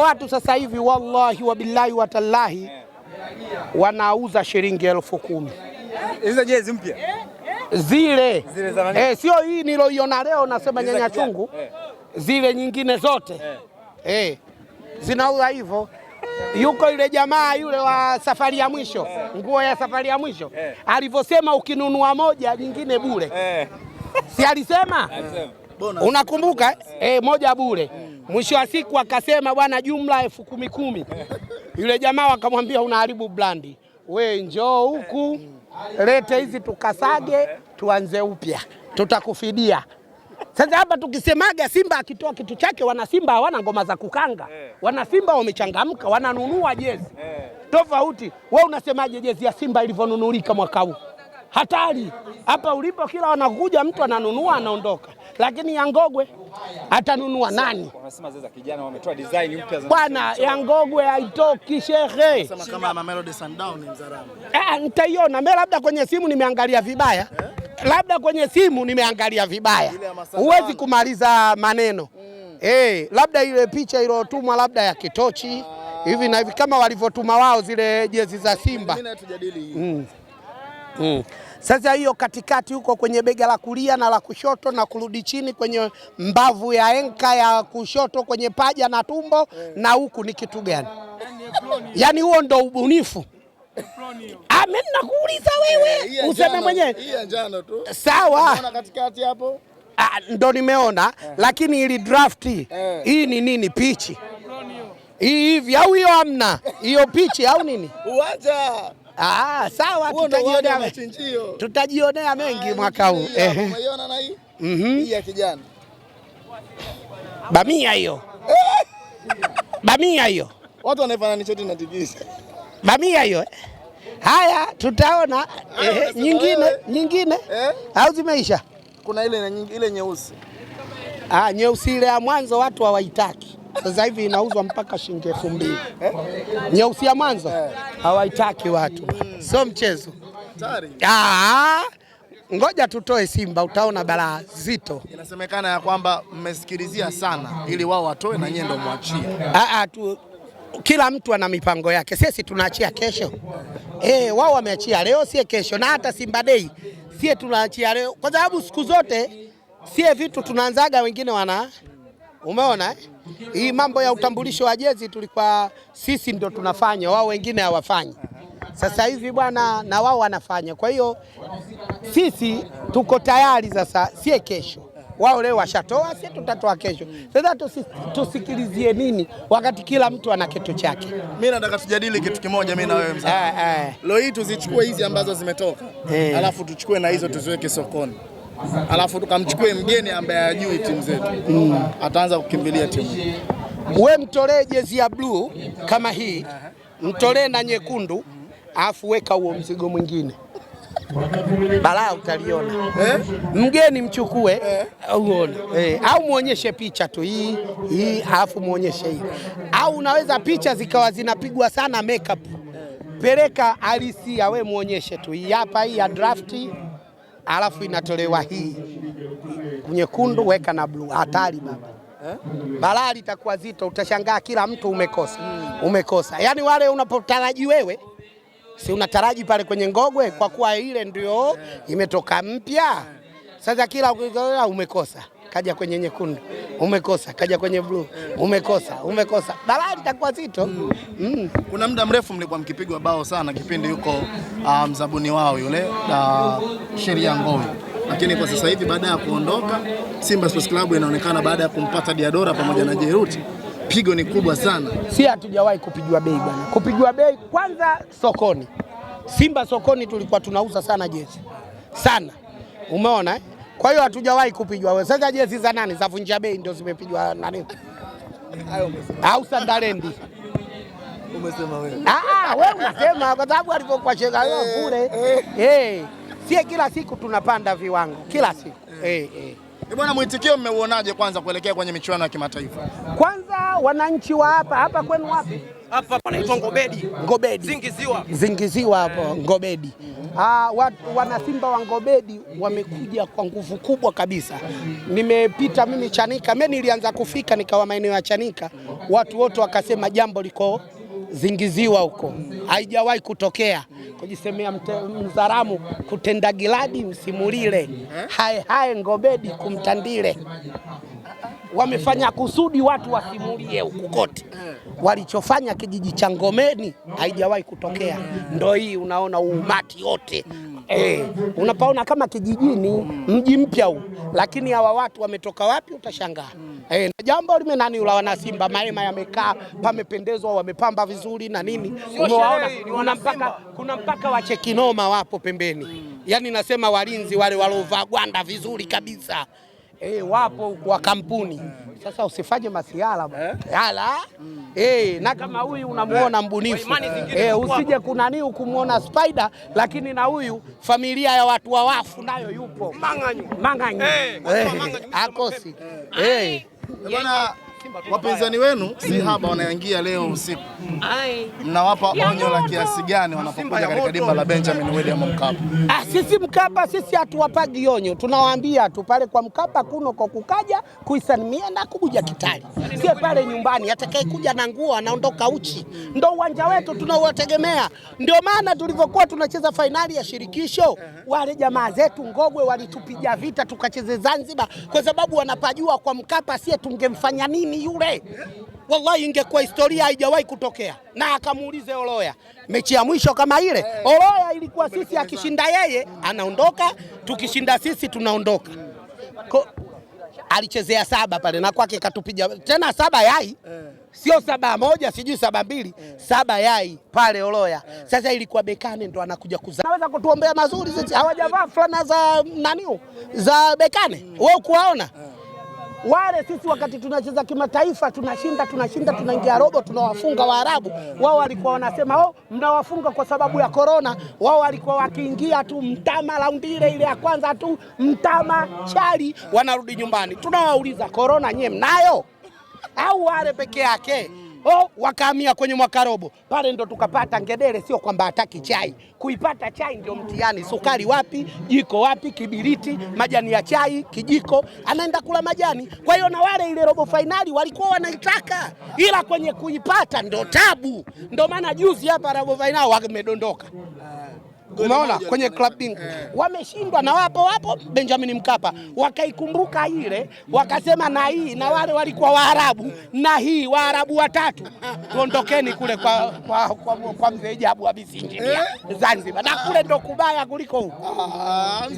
watu sasa hivi wallahi wabillahi watallahi wanauza shilingi elfu kumi hizo jezi mpya zile, zile eh, sio hii niloiona leo nasema nyanya chungu eh. Zile nyingine zote eh. eh. zinauza hivyo. Yuko yule jamaa yule wa safari ya mwisho eh. Nguo ya safari ya mwisho Alivyosema ukinunua moja nyingine bure Si alisema Unakumbuka eh, moja bure Mwisho wa siku akasema bwana, jumla elfu kumi kumi. Yule jamaa wakamwambia unaharibu brandi, we njoo huku lete hizi tukasage, tuanze upya, tutakufidia. Sasa hapa tukisemaga Simba akitoa kitu chake, wana Simba hawana ngoma za kukanga, wana Simba wamechangamka, wananunua jezi tofauti. We unasemaje jezi ya Simba ilivyonunulika mwaka huu? Hatari hapa ulipo, kila wanakuja mtu ananunua anaondoka lakini Yangogwe atanunua nani? Bwana Yangogwe haitoki shehe, eh, nitaiona mimi labda kwenye simu nimeangalia vibaya eh? labda kwenye simu nimeangalia vibaya, huwezi kumaliza maneno mm. hey, eh, labda ile picha iliyotumwa labda ya kitochi ah. hivi na hivi kama walivyotuma wao zile jezi za Simba mm. Mm. Sasa hiyo katikati huko kwenye bega la kulia na la kushoto na kurudi chini kwenye mbavu ya enka ya kushoto kwenye paja na tumbo na huku ni kitu gani? Yaani huo ndo ubunifu. Ah, mimi nakuuliza wewe useme mwenyewe. Sawa. Katikati hapo ah, ndo nimeona eh. Lakini ili drafti eh. Hii ni nini pichi hii hivi au hiyo hamna hiyo pichi au nini uwanja Ah, sawa tutajionea. Tutajionea mengi ah, mwaka huu. Eh. Umeiona na hii? Mhm. Mm, Hii ya kijani. Bamia hiyo. Eh! Bamia hiyo. Watu wanafananisha tu na tikisi. Bamia hiyo. Eh. Haya, tutaona eh, nyingine nyingine eh? Au zimeisha? Kuna ile na nyingine ile nyeusi. Ah, nyeusi ile ya mwanzo watu hawaitaki. Sasa hivi inauzwa mpaka shilingi elfu mbili eh? Nyeusi ya Mwanza eh. Hawaitaki watu mm. Sio mchezo. Ah! Ngoja tutoe Simba, utaona balaa zito. Inasemekana ya kwamba mmesikilizia sana ili wao watoe na nyie mwachie. Ah ah, tu kila mtu ana mipango yake, sisi tunaachia kesho eh, wao wameachia leo, sie kesho, na hata Simba Day sie tunaachia leo, kwa sababu siku zote sie vitu tunaanzaga, wengine wana umeona eh? Hii mambo ya utambulisho wa jezi tulikuwa sisi ndio tunafanya, wao wengine hawafanyi. Sasa hivi bwana, na wao wanafanya. Kwa hiyo sisi tuko tayari sasa, sie kesho wao leo washatoa, si tutatoa kesho. Sasa tusikilizie nini wakati kila mtu ana kitu chake? Mimi nataka tujadili kitu kimoja, mimi na wewe mzee. Ah, ah. Leo hii tuzichukue hizi ambazo zimetoka, eh. alafu tuchukue na hizo tuziweke sokoni alafu tukamchukue mgeni ambaye hajui timu zetu mm. ataanza kukimbilia timu. We mtolee jezi ya bluu kama hii, mtolee na nyekundu, alafu weka huo mzigo mwingine balaa utaliona eh? Mgeni mchukue eh? Uone eh, au muonyeshe picha tu hii hii, alafu muonyeshe hii, au unaweza picha zikawa zinapigwa sana makeup, peleka halisia, we muonyeshe tu hii hapa, hii ya drafti alafu inatolewa hii nyekundu, weka na bluu. Hatari baba eh? Balaa litakuwa zito, utashangaa kila mtu umekosa, umekosa. Yaani wale unapotaraji wewe si unataraji pale kwenye ngogwe, kwa kuwa ile ndio eh. imetoka mpya. Sasa kila umekosa kaja kwenye nyekundu, umekosa, kaja kwenye bluu, umekosa, umekosa, balaa litakuwa zito. Mm. Mm. Kuna muda mrefu mlikuwa mkipigwa bao sana kipindi yuko uh, mzabuni wao yule uh, sheria Ngome lakini kwa sasa hivi baada ya kuondoka Simba Sports Club inaonekana baada ya kumpata Diadora pamoja na Jeruti, pigo ni kubwa sana. Si hatujawahi kupigwa bei bwana, kupigwa bei kwanza sokoni. Simba sokoni tulikuwa tunauza sana jezi sana, umeona eh? Kwa hiyo hatujawahi kupigwa. Sasa jezi za nani za vunja bei ndio zimepigwa nani? Au Sandalendi? Umesema wewe. Ah, wewe umesema kwa sababu alipokuwa shega yao kule. Eh. eh. eh Sie kila siku tunapanda viwango kila siku. Eh. eh, eh. Bwana, mwitikio mmeuonaje kwanza kuelekea kwenye michuano ya kimataifa? Kwanza wananchi wa hapa hapa kwenu wapi? Hapa panaitwa Ngobedi. Ngobedi. Zingiziwa. Zingiziwa hapo Ngobedi. Ah, wat, wanasimba wa Ngobedi wamekuja kwa nguvu kubwa kabisa. Nimepita mimi Chanika, mimi nilianza kufika nikawa maeneo ya Chanika, watu wote wakasema jambo liko zingiziwa huko, haijawahi kutokea kujisemea Mzaramu kutenda giladi msimulile, eh? hae hae Ngobedi kumtandile wamefanya kusudi watu wasimulie huku kote walichofanya kijiji cha Ngomeni haijawahi kutokea. Ndo hii unaona uumati wote mm. eh, unapaona kama kijijini mji mpya huu, lakini hawa watu wametoka wapi utashangaa. Mm. Eh, na jambo limenaniula wana Simba, mahema yamekaa, pamependezwa, wamepamba vizuri na nini, mm. umewaona kuna mpaka, kuna mpaka wachekinoma wapo pembeni, yaani nasema walinzi wale walovaa gwanda vizuri kabisa. Eh, wapo kwa kampuni sasa usifanye masiala eh? ala mm. eh, na kama huyu unamuona eh, mbunifu eh, usije kunani ukumuona spider, lakini na huyu familia ya watu wa wafu nayo yupo manganyu manganyu eh, akosi eh wapinzani wenu si haba wanaingia leo usiku, mnawapa onyo la kiasi gani wanapokuja katika dimba la Benjamin William Mkapa? Ah, sisi Mkapa sisi hatuwapagi onyo, tunawaambia tu pale kwa Mkapa kuno kwa kukaja kuisalimia na kuja kitali, sie pale nyumbani. kuja na nguo anaondoka uchi, ndo uwanja wetu tunaowategemea. Ndio maana tulivyokuwa tunacheza fainali ya shirikisho, wale jamaa zetu Ngogwe walitupiga vita tukacheze Zanzibar, kwa sababu wanapajua kwa Mkapa sie tungemfanya nini yule wallahi, ingekuwa historia haijawahi kutokea. Na akamuulize Oloya mechi ya mwisho kama ile. Oloya ilikuwa sisi akishinda yeye anaondoka, tukishinda sisi tunaondoka. Ko, alichezea saba pale na kwake katupiga tena saba yai, sio saba moja, sijui saba mbili, saba yai pale Oloya. Sasa ilikuwa Bekane ndo anakuja kuzaa. Naweza kutuombea mazuri sisi, hawajavaa fulana za nani za Bekane, wewe kuwaona wale sisi wakati tunacheza kimataifa tunashinda tunashinda, tunaingia robo, tunawafunga Waarabu. Wao walikuwa wanasema oh, mnawafunga kwa sababu ya korona. Wao walikuwa wakiingia tu mtama, raundi ile ile ya kwanza tu mtama chali, wanarudi nyumbani. Tunawauliza korona, nyie mnayo au wale peke yake? oh, wakahamia kwenye mwakarobo pale, ndo tukapata ngedere. Sio kwamba hataki chai, kuipata chai ndio mtihani. Sukari wapi? Jiko wapi? Kibiriti, majani ya chai, kijiko, anaenda kula majani. Kwa hiyo na wale ile robo fainali walikuwa wanaitaka, ila kwenye kuipata ndo tabu. Ndo maana juzi hapa robo fainali wamedondoka. Umeona kwenye klabu eh, wameshindwa na wapo wapo Benjamin Mkapa, wakaikumbuka ile, wakasema na hii na wale walikuwa Waarabu na hii Waarabu watatu, tuondokeni kule kwa, kwa, kwa, kwa mzee Jabu wa eh, Zanzibar, na kule ndo kubaya kuliko huko ah,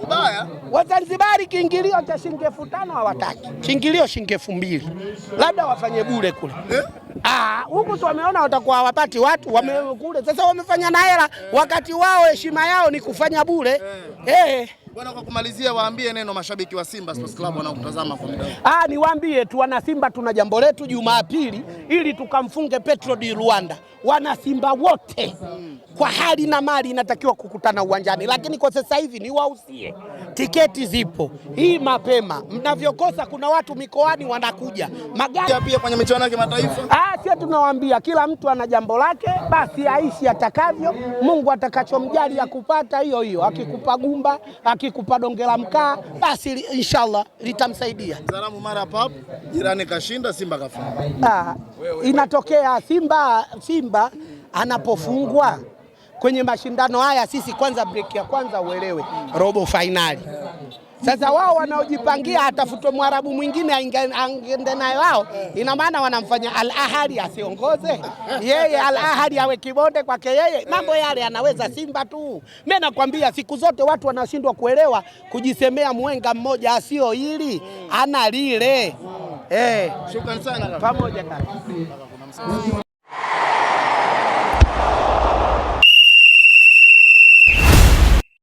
kubaya. Wazanzibari kiingilio cha shilingi elfu tano hawataki, kiingilio shilingi elfu mbili labda wafanye bure kule eh? Ah, huku wameona watakuwa wapati watu wame, kule sasa wamefanya na hela, wakati wao heshima yao ni kufanya bure eh. eh. Bwana, kwa kumalizia, waambie neno mashabiki wa Simba Sports Club wanaokutazama kwa muda Ah, niwaambie tu wana Simba, tuna jambo letu Jumapili ili tukamfunge Petro di Rwanda. Wana Simba wote kwa hali na mali inatakiwa kukutana uwanjani, lakini kwa sasa hivi niwausie, tiketi zipo hii mapema. Mnavyokosa kuna watu mikoani wanakuja magari pia kwenye michuano ya kimataifa. Ah, sio, tunawaambia kila mtu ana jambo lake, basi aishi atakavyo. Mungu atakachomjali akupata hiyo hiyo, akikupa gumba aki akikupa donge la mkaa basi inshallah litamsaidia. Salamu mara pap, jirani kashinda, Simba Ah, Inatokea Simba, Simba anapofungwa kwenye mashindano haya, sisi kwanza break ya kwanza uelewe robo fainali sasa wao wanaojipangia atafutwe mwarabu mwingine aende naye wao, ina maana wanamfanya Al Ahly asiongoze yeye, Al Ahly awe kibonde kwake yeye, mambo yale anaweza Simba tu. Mimi nakwambia siku zote watu wanashindwa kuelewa, kujisemea mwenga mmoja asio hili ana lile. Eh. Shukrani sana pamoja.